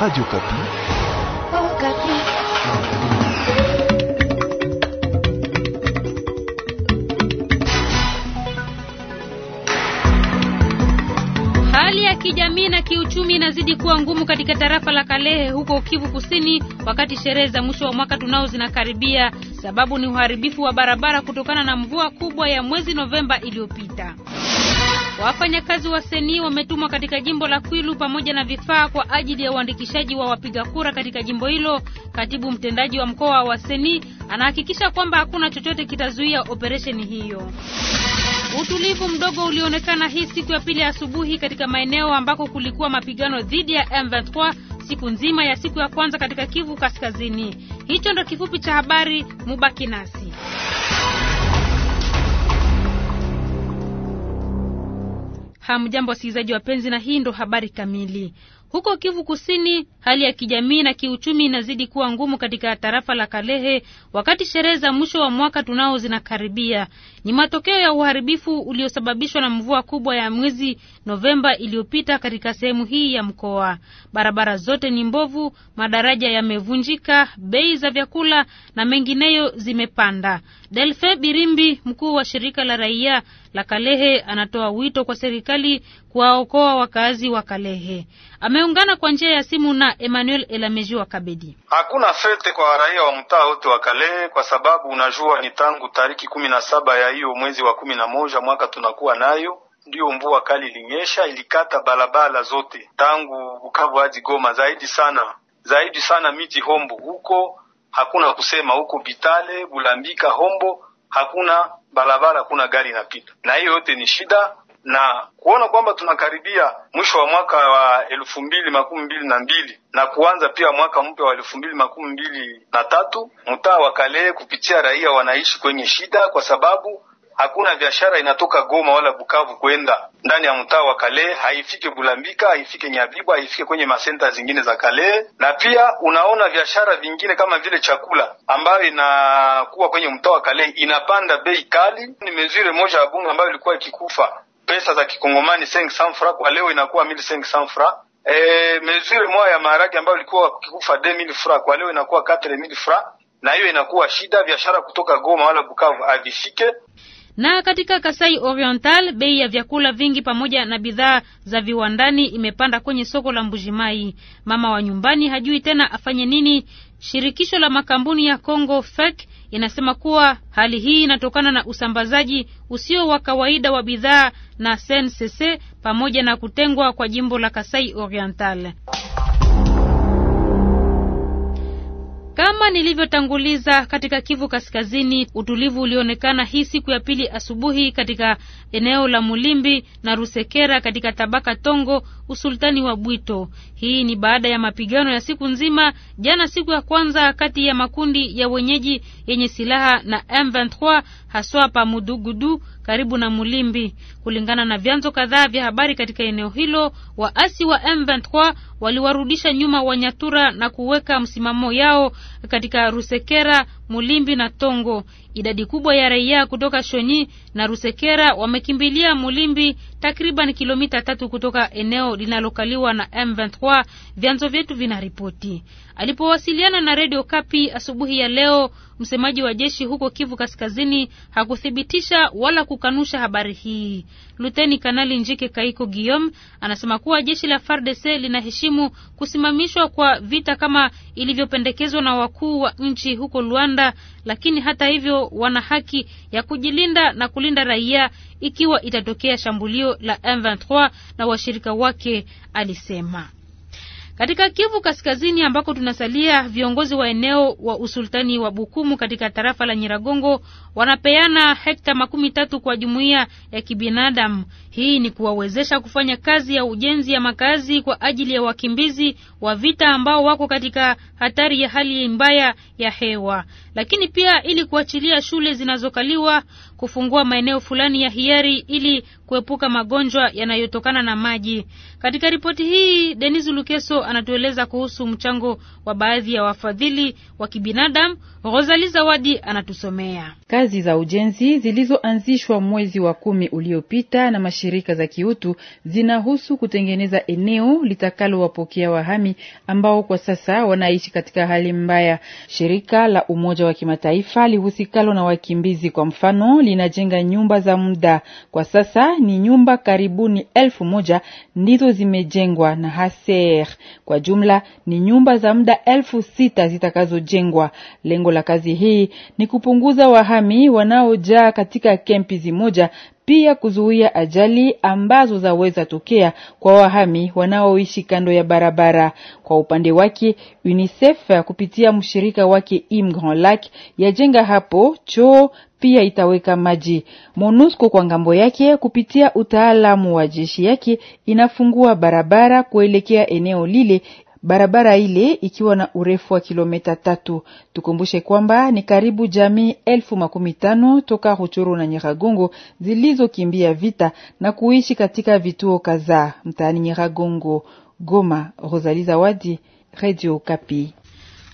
Radio Kapi. Oh, Kapi. Hali ya kijamii na kiuchumi inazidi kuwa ngumu katika tarafa la Kalehe huko Kivu Kusini wakati sherehe za mwisho wa mwaka tunao zinakaribia. Sababu ni uharibifu wa barabara kutokana na mvua kubwa ya mwezi Novemba iliyopita. Wafanyakazi wa seni wametumwa katika jimbo la Kwilu pamoja na vifaa kwa ajili ya uandikishaji wa wapiga kura katika jimbo hilo. Katibu mtendaji wa mkoa wa seni anahakikisha kwamba hakuna chochote kitazuia operesheni hiyo. Utulivu mdogo ulionekana hii siku ya pili asubuhi katika maeneo ambako kulikuwa mapigano dhidi ya M23 siku nzima ya siku ya kwanza katika Kivu Kaskazini. Hicho ndo kifupi cha habari, mubaki nasi. Hamjambo wasikilizaji wapenzi, na hii ndo habari kamili. Huko Kivu Kusini, hali ya kijamii na kiuchumi inazidi kuwa ngumu katika tarafa la Kalehe wakati sherehe za mwisho wa mwaka tunao zinakaribia. Ni matokeo ya uharibifu uliosababishwa na mvua kubwa ya mwezi Novemba iliyopita katika sehemu hii ya mkoa. Barabara zote ni mbovu, madaraja yamevunjika, bei za vyakula na mengineyo zimepanda. Delfe Birimbi, mkuu wa shirika la raia la Kalehe, anatoa wito kwa serikali kuwaokoa wakazi wa Kalehe ameungana kwa njia ya simu na Emmanuel Elameji wa Kabedi. Hakuna fete kwa raia wa mtaa wote wa Kale kwa sababu unajua ni tangu tariki kumi na saba ya hiyo mwezi wa kumi na moja mwaka tunakuwa nayo ndiyo mvua kali ilinyesha, ilikata barabara zote tangu Bukavu hadi Goma, zaidi sana zaidi sana miti Hombo huko hakuna kusema, huko Bitale, Bulambika, Hombo hakuna barabara, hakuna gari inapita, na hiyo yote ni shida na kuona kwamba tunakaribia mwisho wa mwaka wa elfu mbili makumi mbili na mbili na kuanza pia mwaka mpya wa elfu mbili makumi mbili na tatu mtaa wa kalee kupitia raia wanaishi kwenye shida kwa sababu hakuna biashara inatoka Goma wala Bukavu kwenda ndani ya mtaa wa Kale, haifike Bulambika, haifike nyabibwa haifike kwenye masenta zingine za Kale. Na pia unaona biashara vingine kama vile chakula ambayo inakuwa kwenye mtaa wa Kale inapanda bei kali. Ni mezire moja ya bunge ambayo ilikuwa ikikufa pesa za kikongomani 500 francs kwa leo inakuwa 1500 francs. E, mesure moja ya maharage ambayo ilikuwa kikufa 2000 francs kwa leo inakuwa 4000 francs, na hiyo inakuwa shida. Biashara kutoka Goma wala Bukavu havishike. Na katika Kasai Oriental bei ya vyakula vingi pamoja na bidhaa za viwandani imepanda kwenye soko la Mbujimai. Mama wa nyumbani hajui tena afanye nini. Shirikisho la makampuni ya Kongo FEC inasema kuwa hali hii inatokana na usambazaji usio wa kawaida wa bidhaa na SNCC pamoja na kutengwa kwa jimbo la Kasai Oriental. Kama nilivyotanguliza katika Kivu Kaskazini, utulivu ulionekana hii siku ya pili asubuhi katika eneo la Mulimbi na Rusekera katika tabaka Tongo, usultani wa Bwito. Hii ni baada ya mapigano ya siku nzima jana, siku ya kwanza, kati ya makundi ya wenyeji yenye silaha na M23 haswa pa Mudugudu karibu na Mulimbi. Kulingana na vyanzo kadhaa vya habari katika eneo hilo, waasi wa M23 waliwarudisha nyuma Wanyatura na kuweka msimamo yao katika Rusekera Mulimbi na Tongo. Idadi kubwa ya raia kutoka Shonyi na Rusekera wamekimbilia Mulimbi, takriban kilomita tatu kutoka eneo linalokaliwa na M23, vyanzo vyetu vinaripoti. Alipowasiliana na Radio Kapi asubuhi ya leo, msemaji wa jeshi huko Kivu Kaskazini hakuthibitisha wala kukanusha habari hii. Luteni Kanali Njike Kaiko Guillaume anasema kuwa jeshi la FARDC linaheshimu kusimamishwa kwa vita kama ilivyopendekezwa na wakuu wa nchi huko Luanda Rwanda, lakini hata hivyo wana haki ya kujilinda na kulinda raia ikiwa itatokea shambulio la M23 na washirika wake, alisema. Katika Kivu Kaskazini ambako tunasalia, viongozi wa eneo wa usultani wa Bukumu katika tarafa la Nyiragongo wanapeana hekta makumi tatu kwa jumuiya ya kibinadamu. Hii ni kuwawezesha kufanya kazi ya ujenzi ya makazi kwa ajili ya wakimbizi wa vita ambao wako katika hatari ya hali mbaya ya hewa, lakini pia ili kuachilia shule zinazokaliwa kufungua maeneo fulani ya hiari ili kuepuka magonjwa yanayotokana na maji. Katika ripoti hii, Denis Lukeso anatueleza kuhusu mchango wa baadhi ya wafadhili wa kibinadamu. Rosali Zawadi anatusomea. Kazi za ujenzi zilizoanzishwa mwezi wa kumi uliopita na mashirika za kiutu zinahusu kutengeneza eneo litakalowapokea wahami ambao kwa sasa wanaishi katika hali mbaya. Shirika la Umoja wa Kimataifa lihusikalo na wakimbizi kwa mfano linajenga nyumba za muda. Kwa sasa ni nyumba karibuni elfu moja ndizo zimejengwa na Haser. Kwa jumla ni nyumba za muda elfu sita zitakazojengwa. Lengo la kazi hii ni kupunguza wahami wahami wanaojaa katika kempi zimoja pia kuzuia ajali ambazo zaweza tokea kwa wahami wanaoishi kando ya barabara. Kwa upande wake, UNICEF kupitia mshirika wake Im Grand Lac yajenga hapo choo pia itaweka maji. MONUSCO kwa ngambo yake kupitia utaalamu wa jeshi yake inafungua barabara kuelekea eneo lile barabara ile ikiwa na urefu wa kilomita tatu. Tukumbushe kwamba ni karibu jamii elfu makumi tano toka Ruchuru na Nyiragongo zilizokimbia vita na kuishi katika vituo kadhaa mtaani Nyiragongo. Goma, Rosalie Zawadi, Radio Kapi.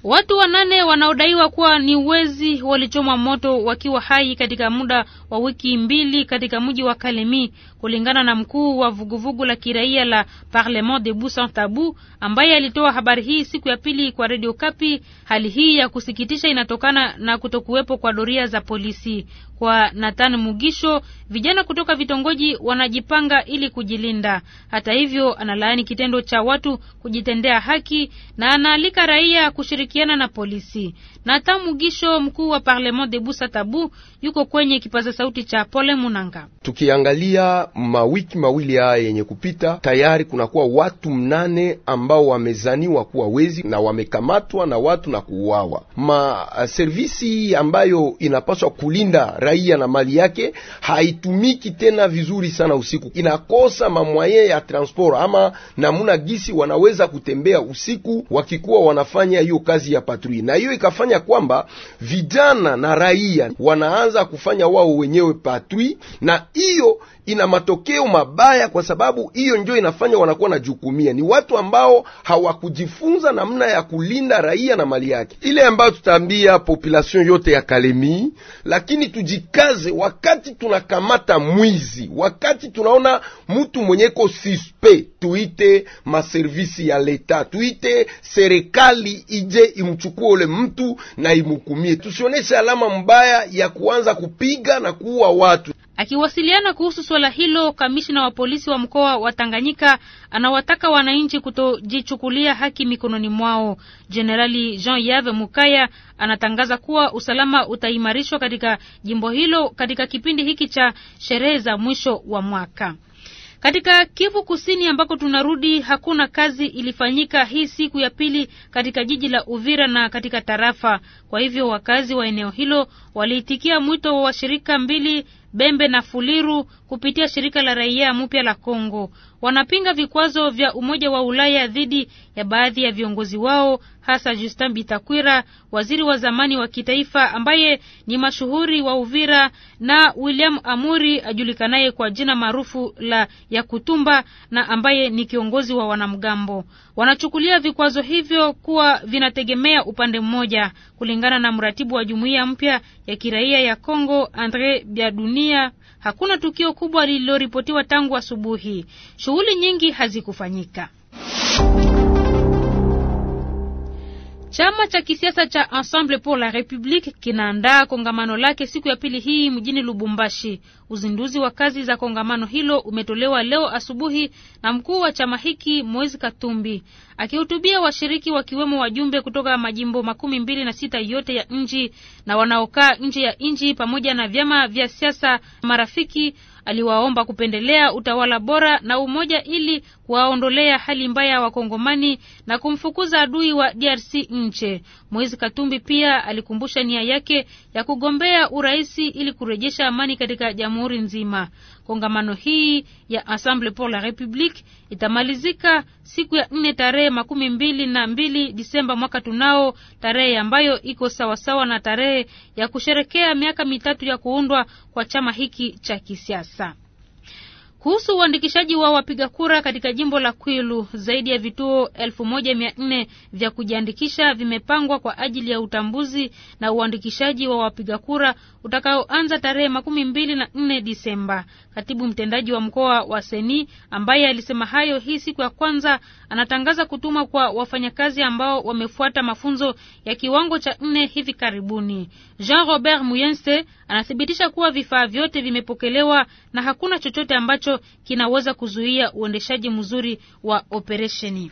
Watu wanane wanaodaiwa kuwa ni wezi walichomwa moto wakiwa hai katika muda wa wiki mbili katika mji wa Kalemi kulingana na mkuu wa vuguvugu la kiraia la Parlement Debout Sans Tabou ambaye alitoa habari hii siku ya pili kwa Radio Kapi. Hali hii ya kusikitisha inatokana na kutokuwepo kwa doria za polisi. Kwa Nathan Mugisho, vijana kutoka vitongoji wanajipanga ili kujilinda. Hata hivyo, analaani kitendo cha watu kujitendea haki na anaalika raia kushirikiana na polisi. Nathan Mugisho, mkuu wa Parlement Debout Sans Tabou, yuko kwenye kipaza sauti cha Pole Munanga. Tukiangalia mawiki mawili haya yenye kupita, tayari kunakuwa watu mnane ambao wamezaniwa kuwa wezi na wamekamatwa na watu na kuuawa. Ma uh, servisi ambayo inapaswa kulinda raia na mali yake haitumiki tena vizuri sana usiku, inakosa mamwaye ya transport ama namuna gisi wanaweza kutembea usiku wakikuwa wanafanya hiyo kazi ya patrui, na hiyo ikafanya kwamba vijana na raia wanaanza kufanya wao wenyewe patrui na hiyo ina matokeo mabaya, kwa sababu hiyo ndio inafanya wanakuwa jukumia. Ni watu ambao hawakujifunza namna ya kulinda raia na mali yake, ile ambayo tutaambia population yote ya Kalemi. Lakini tujikaze, wakati tunakamata mwizi, wakati tunaona mtu mwenyeko suspect, tuite maservisi ya leta, tuite serikali ije imchukue ule mtu na imhukumie. Tusionyeshe alama mbaya ya kuanza kupiga na kuua watu. Akiwasiliana kuhusu suala hilo, kamishina wa polisi wa mkoa wa Tanganyika anawataka wananchi kutojichukulia haki mikononi mwao. Jenerali Jean Yave Mukaya anatangaza kuwa usalama utaimarishwa katika jimbo hilo katika kipindi hiki cha sherehe za mwisho wa mwaka. Katika Kivu Kusini ambako tunarudi, hakuna kazi ilifanyika hii siku ya pili katika jiji la Uvira na katika tarafa. Kwa hivyo wakazi wa eneo hilo waliitikia mwito wa shirika mbili Bembe na Fuliru kupitia shirika la raia mpya la Kongo. Wanapinga vikwazo vya Umoja wa Ulaya dhidi ya baadhi ya viongozi wao hasa Justin Bitakwira, waziri wa zamani wa kitaifa ambaye ni mashuhuri wa Uvira, na William Amuri ajulikanaye kwa jina maarufu la Yakutumba na ambaye ni kiongozi wa wanamgambo. Wanachukulia vikwazo hivyo kuwa vinategemea upande mmoja, kulingana na mratibu wa jumuiya mpya ya kiraia ya Kongo Andre Biadunia. Hakuna tukio kubwa lililoripotiwa tangu asubuhi. Shughuli nyingi hazikufanyika. Chama cha kisiasa cha Ensemble pour la République kinaandaa kongamano lake siku ya pili hii mjini Lubumbashi. Uzinduzi wa kazi za kongamano hilo umetolewa leo asubuhi na mkuu wa chama hiki Moise Katumbi. Akihutubia washiriki wakiwemo wajumbe kutoka majimbo makumi mbili na sita yote ya nchi na wanaokaa nje ya nchi pamoja na vyama vya siasa marafiki, aliwaomba kupendelea utawala bora na umoja ili kuwaondolea hali mbaya Wakongomani na kumfukuza adui wa DRC nje. Moise Katumbi pia alikumbusha nia yake ya kugombea uraisi ili kurejesha amani katika jamhuri nzima. Kongamano hii ya Assemble pour la Republique itamalizika siku ya nne tarehe makumi mbili na mbili Disemba mwaka tunao, tarehe ambayo iko sawasawa na tarehe ya kusherekea miaka mitatu ya kuundwa kwa chama hiki cha kisiasa. Kuhusu uandikishaji wa wapiga kura katika jimbo la Kwilu, zaidi ya vituo 1400 vya kujiandikisha vimepangwa kwa ajili ya utambuzi na uandikishaji wa wapiga kura utakaoanza tarehe makumi mbili na nne Disemba. Katibu mtendaji wa mkoa wa Seni ambaye alisema hayo hii siku ya kwanza, anatangaza kutumwa kwa wafanyakazi ambao wamefuata mafunzo ya kiwango cha nne hivi karibuni. Jean Robert Muyense anathibitisha kuwa vifaa vyote vimepokelewa na hakuna chochote ambacho kinaweza kuzuia uendeshaji mzuri wa operesheni.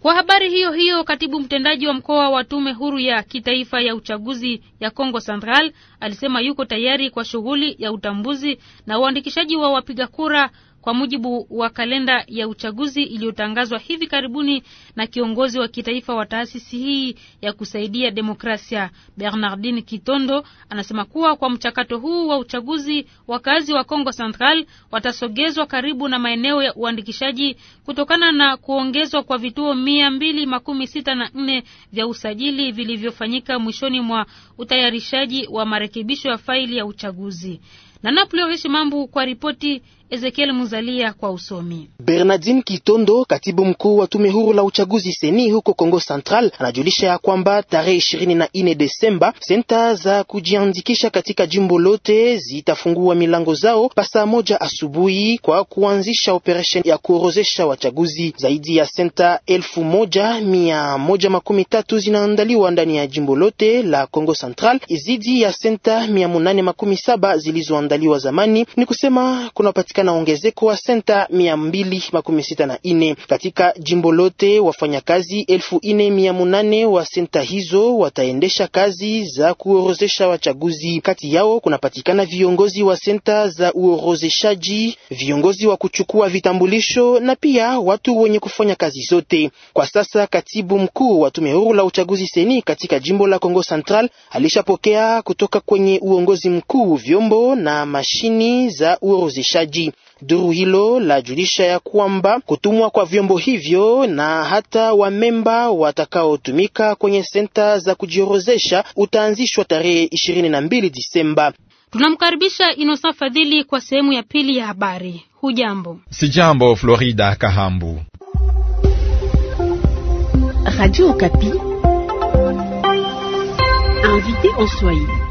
Kwa habari hiyo hiyo, katibu mtendaji wa mkoa wa tume huru ya kitaifa ya uchaguzi ya congo Central alisema yuko tayari kwa shughuli ya utambuzi na uandikishaji wa wapiga kura kwa mujibu wa kalenda ya uchaguzi iliyotangazwa hivi karibuni na kiongozi wa kitaifa wa taasisi hii ya kusaidia demokrasia bernardin Kitondo anasema kuwa kwa mchakato huu wa uchaguzi wakazi wa congo Central watasogezwa karibu na maeneo ya uandikishaji kutokana na kuongezwa kwa vituo mia mbili makumi sita na nne vya usajili vilivyofanyika mwishoni mwa utayarishaji wa marekebisho ya faili ya uchaguzi. Na Napoleon Mambu kwa ripoti Ezekiel Muzalia kwa usomi. Bernardine Kitondo, katibu mkuu wa tume huru la uchaguzi seni huko Kongo Central, anajulisha ya kwamba tarehe ine Desemba senta za kujiandikisha katika jimbo lote zitafungua milango zao pasaa moja asubuhi kwa kuanzisha operation ya kuorozesha wachaguzi. Zaidi ya senta elfu moja mia moja makumi tatu zinaandaliwa ndani ya jimbo lote la Kongo Central, zidi ya senta mia munane makumi saba zilizoandaliwa zamani. Ni kusema kuna na ongezeko wa senta mia mbili makumi sita na ine katika jimbo lote. Wafanyakazi elfu ine mia munane wa senta hizo wataendesha kazi za kuorozesha wachaguzi. Kati yao kunapatikana viongozi wa senta za uorozeshaji, viongozi wa kuchukua vitambulisho na pia watu wenye kufanya kazi zote. Kwa sasa katibu mkuu wa tume huru la uchaguzi seni katika jimbo la Kongo Central alishapokea kutoka kwenye uongozi mkuu vyombo na mashini za uorozeshaji. Duru hilo la julisha ya kwamba kutumwa kwa vyombo hivyo na hata wamemba watakaotumika kwenye senta za kujiorozesha utaanzishwa tarehe 22 Disemba. Tunamkaribisha Inosa Fadhili kwa sehemu ya pili ya habari. Hujambo? Sijambo, Florida Kahambu. Radio Kapi. Invité en Swahili.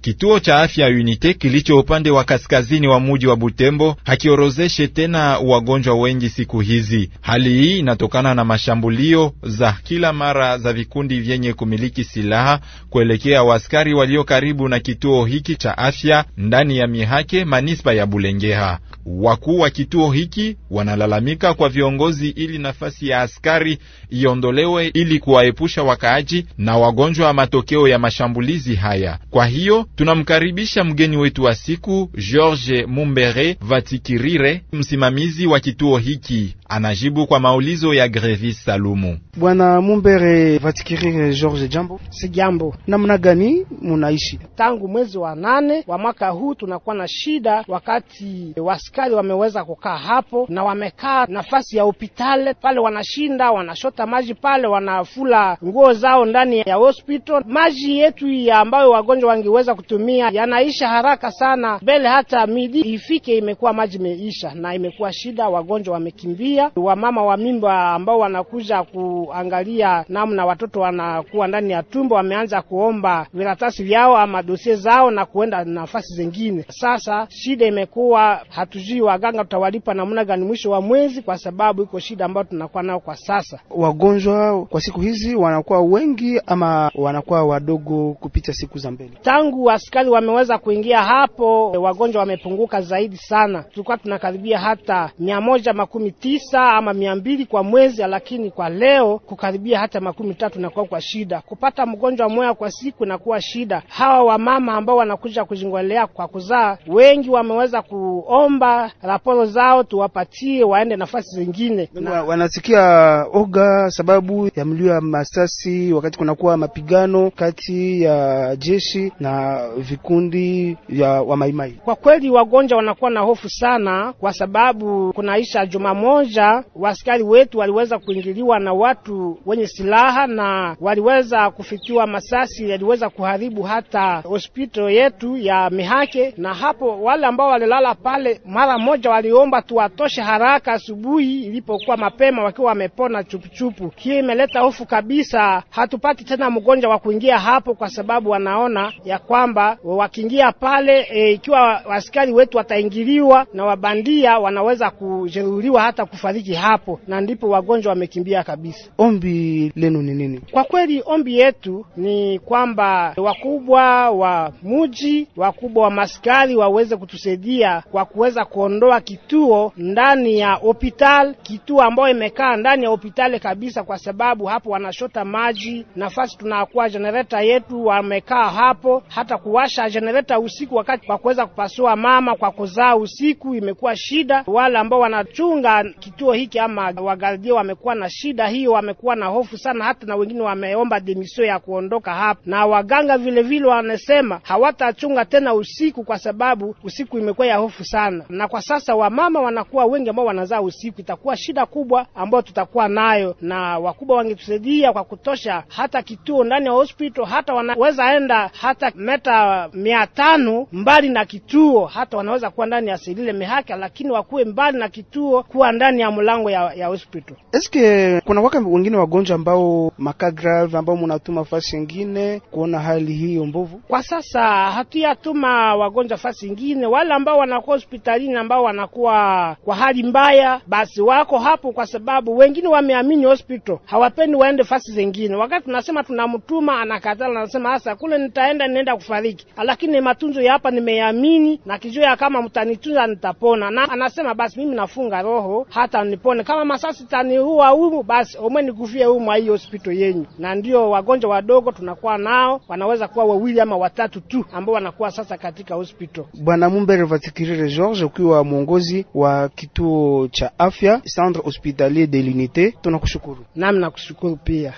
Kituo cha afya Unite kilicho upande wa kaskazini wa muji wa Butembo hakiorozeshe tena wagonjwa wengi siku hizi. Hali hii inatokana na mashambulio za kila mara za vikundi vyenye kumiliki silaha kuelekea waskari walio karibu na kituo hiki cha afya ndani ya Mihake, manispa ya Bulengeha. Wakuu wa kituo hiki wanalalamika kwa viongozi ili nafasi ya askari iondolewe ili kuwaepusha wakaaji na wagonjwa wa matokeo ya mashambulizi haya. Kwa hiyo tunamkaribisha mgeni wetu wa siku George Mumbere Vatikirire, msimamizi wa kituo hiki, anajibu kwa maulizo ya Grevis Salumu. Bwana Mumbere Vatikirire George, jambo. Si jambo. Namna gani munaishi? Tangu mwezi wa nane wa mwaka huu tunakuwa na shida wakati wa askari wameweza kukaa hapo na wamekaa nafasi ya hospitali pale, wanashinda wanashota maji pale, wanafula nguo zao ndani ya hospital. Maji yetu ya ambayo wagonjwa wangeweza kutumia yanaisha haraka sana, mbele hata midi ifike imekuwa maji imeisha, na imekuwa shida, wagonjwa wamekimbia. Wamama wa mimba ambao wanakuja kuangalia namna watoto wanakuwa ndani ya tumbo wameanza kuomba viratasi vyao ama dosie zao na kuenda nafasi zingine. Sasa shida imekuwa hatu hatujui waganga tutawalipa namna gani mwisho wa mwezi, kwa sababu iko shida ambayo tunakuwa nayo kwa sasa. Wagonjwa kwa siku hizi wanakuwa wengi ama wanakuwa wadogo kupita siku za mbele. Tangu askari wameweza kuingia hapo, wagonjwa wamepunguka zaidi sana. Tulikuwa tunakaribia hata mia moja makumi tisa ama mia mbili kwa mwezi, lakini kwa leo kukaribia hata makumi tatu nakuwa kwa shida. Kupata mgonjwa mmoja kwa siku nakuwa shida. Hawa wamama ambao wanakuja kujingolea kwa kuzaa, wengi wameweza kuomba raporo zao tuwapatie waende nafasi zingine na... wanasikia oga sababu ya mlio ya masasi wakati kunakuwa mapigano kati ya jeshi na vikundi ya wamaimai. Kwa kweli wagonjwa wanakuwa na hofu sana, kwa sababu kunaisha juma moja wasikari wetu waliweza kuingiliwa na watu wenye silaha na waliweza kufikiwa masasi yaliweza kuharibu hata hospitali yetu ya Mihake, na hapo wale ambao walilala pale mara moja waliomba tuwatoshe haraka asubuhi ilipokuwa mapema, wakiwa wamepona chupuchupu. Hiyo imeleta hofu kabisa, hatupati tena mgonjwa wa kuingia hapo, kwa sababu wanaona ya kwamba wakiingia pale e, ikiwa askari wetu wataingiliwa na wabandia, wanaweza kujeruhiwa hata kufariki hapo, na ndipo wagonjwa wamekimbia kabisa. Ombi lenu ni nini? Kwa kweli ombi yetu ni kwamba wakubwa wa muji, wakubwa wa maskari waweze kutusaidia kwa kuweza kuondoa kituo ndani ya hospital, kituo ambayo imekaa ndani ya hospital kabisa, kwa sababu hapo wanashota maji. Nafasi tunakuwa generator yetu wamekaa hapo, hata kuwasha generator usiku, wakati kwa kuweza kupasua mama kwa kuzaa usiku imekuwa shida. Wale ambao wanachunga kituo hiki ama wagardia wamekuwa na shida hiyo, wamekuwa na hofu sana, hata na wengine wameomba demisio ya kuondoka hapo, na waganga vilevile wanasema hawatachunga tena usiku, kwa sababu usiku imekuwa ya hofu sana na kwa sasa wamama wanakuwa wengi ambao wanazaa usiku, itakuwa shida kubwa ambayo tutakuwa nayo, na wakubwa wangetusaidia kwa kutosha, hata kituo ndani ya hospital, hata wanaweza enda hata meta mia tano mbali na kituo, hata wanaweza kuwa ndani ya selile mihaka, lakini wakuwe mbali na kituo, kuwa ndani ya mlango ya, ya hospital. Eske kuna waka wengine wagonjwa ambao maka grave ambao munatuma fasi ingine kuona hali hiyo mbovu? Kwa sasa hatuyatuma wagonjwa fasi ingine, wale ambao wanakuwa hospitalini maskini ambao wanakuwa kwa hali mbaya, basi wako hapo kwa sababu wengine wameamini hospital, hawapendi waende fasi zingine. Wakati tunasema tunamtuma, anakatala, anasema hasa kule nitaenda, ninaenda kufariki, lakini matunzo ya hapa nimeamini na kijua kama mtanitunza nitapona, na anasema basi mimi nafunga roho hata nipone, kama masasi taniua humu, basi omwe nikufie humu hiyo hospital yenyu. Na ndio wagonjwa wadogo tunakuwa nao, wanaweza kuwa wawili ama watatu tu ambao wanakuwa sasa katika hospital. Bwana Mumbere Vatikirire George ukiwa mwongozi wa kituo cha afya Centre Hospitalier de l'Unite, tunakushukuru. Nami nakushukuru pia.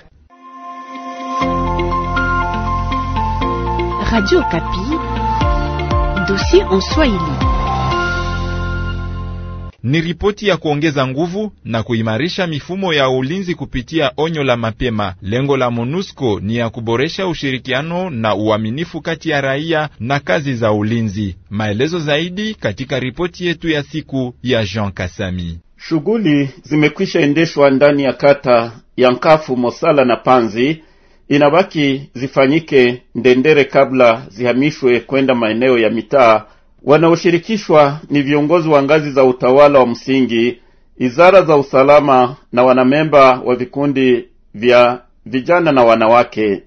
Radio Kapi, dossier en Swahili. Ni ripoti ya kuongeza nguvu na kuimarisha mifumo ya ulinzi kupitia onyo la mapema. Lengo la MONUSCO ni ya kuboresha ushirikiano na uaminifu kati ya raia na kazi za ulinzi. Maelezo zaidi katika ripoti yetu ya siku ya Jean Kasami. Shughuli zimekwisha endeshwa ndani ya kata ya Nkafu, Mosala na Panzi. Inabaki zifanyike Ndendere kabla zihamishwe kwenda maeneo ya mitaa Wanaoshirikishwa ni viongozi wa ngazi za utawala wa msingi, izara za usalama na wanamemba wa vikundi vya vijana na wanawake.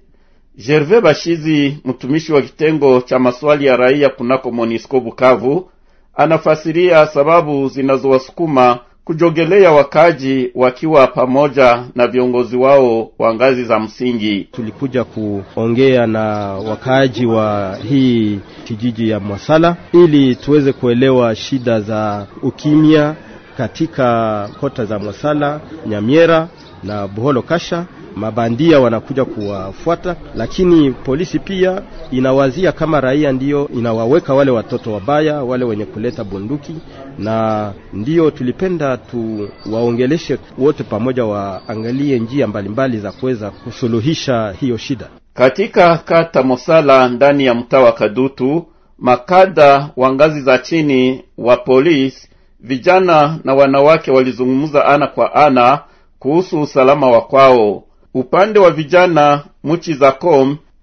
Gervais Bashizi, mtumishi wa kitengo cha maswali ya raia kunako Monisco Bukavu, anafasiria sababu zinazowasukuma kujogelea wakaji wakiwa pamoja na viongozi wao wa ngazi za msingi. Tulikuja kuongea na wakaaji wa hii kijiji ya Mwasala ili tuweze kuelewa shida za ukimya katika kota za Mwasala, Nyamiera na Buholo Kasha mabandia wanakuja kuwafuata, lakini polisi pia inawazia kama raia ndiyo inawaweka wale watoto wabaya, wale wenye kuleta bunduki, na ndiyo tulipenda tuwaongeleshe wote pamoja, waangalie njia mbalimbali za kuweza kusuluhisha hiyo shida. Katika kata Mosala ndani ya mtaa wa Kadutu, makada wa ngazi za chini wa polisi, vijana na wanawake walizungumza ana kwa ana kuhusu usalama wa kwao. Upande wa vijana muchi za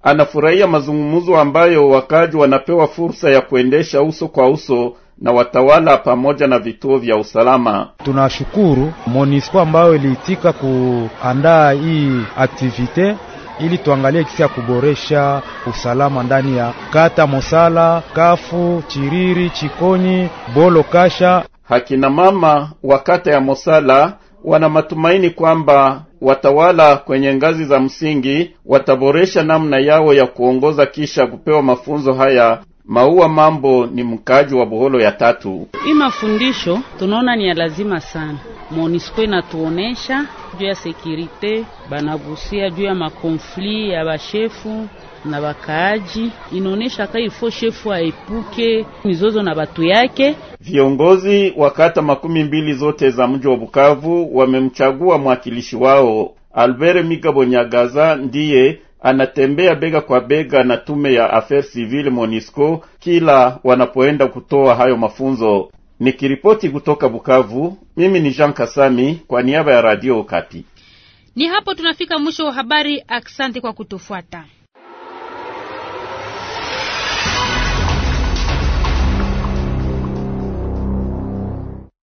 anafurahia mazungumzo ambayo wakaji wanapewa fursa ya kuendesha uso kwa uso na watawala pamoja na vituo vya usalama. Tunashukuru MONUSCO ambayo iliitika kuandaa hii aktivite ili tuangalie kisi ya kuboresha usalama ndani ya kata Mosala, Kafu, Chiriri, Chikonyi, Bolo, Kasha. Hakina mama wa kata ya Mosala wana matumaini kwamba watawala kwenye ngazi za msingi wataboresha namna yao ya kuongoza kisha kupewa mafunzo haya Maua Mambo ni mkaaji wa buholo ya tatu. Hii mafundisho tunaona ni ya lazima sana. Monisco inatuonesha juu ya sekirite, banagusia juu ya makonfli ya bashefu na bakaaji, inaonesha ka ifo shefu aepuke mizozo na batu yake. Viongozi wa kata makumi mbili zote za mji wa Bukavu wamemchagua mwakilishi wao Albert Migabo Nyagaza ndiye anatembea bega kwa bega na tume ya Affaires Civile Monisco kila wanapoenda kutoa hayo mafunzo. Nikiripoti kutoka Bukavu, mimi ni Jean Kasami kwa niaba ya Radio Okapi. Ni hapo tunafika mwisho wa habari. Asante kwa kutufuata.